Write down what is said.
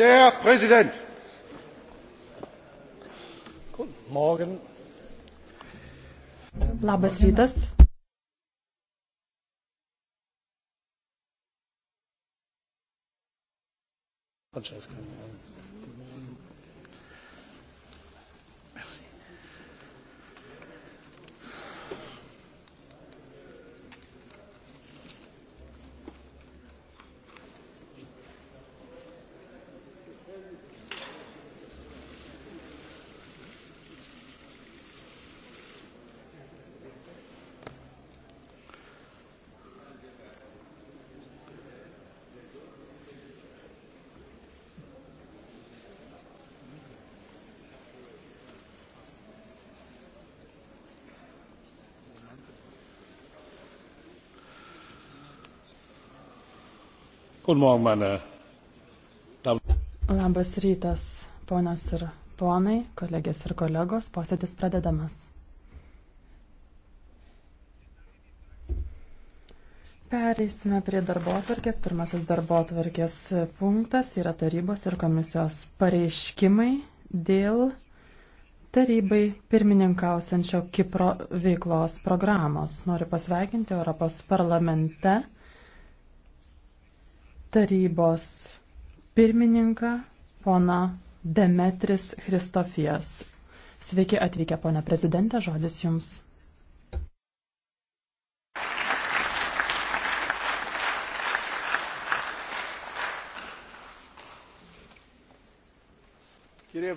Der Präsident. Guten Morgen. Labas rytas. Francesca. Merci. Guten Morgen, meine Damen. Labas rytas, ponios ir ponai, kolegės ir kolegos, posėdis pradedamas. Pereisime prie darbotvarkės. Pirmasis darbotvarkės punktas yra tarybos ir komisijos pareiškimai dėl tarybai pirmininkausiančio Kipro veiklos programos. Noriu pasveikinti Europos parlamente tarybos pirmininką poną Demetris Kristofijas. Sveiki atvykę, ponia prezidentė, žodis jums. Κύριε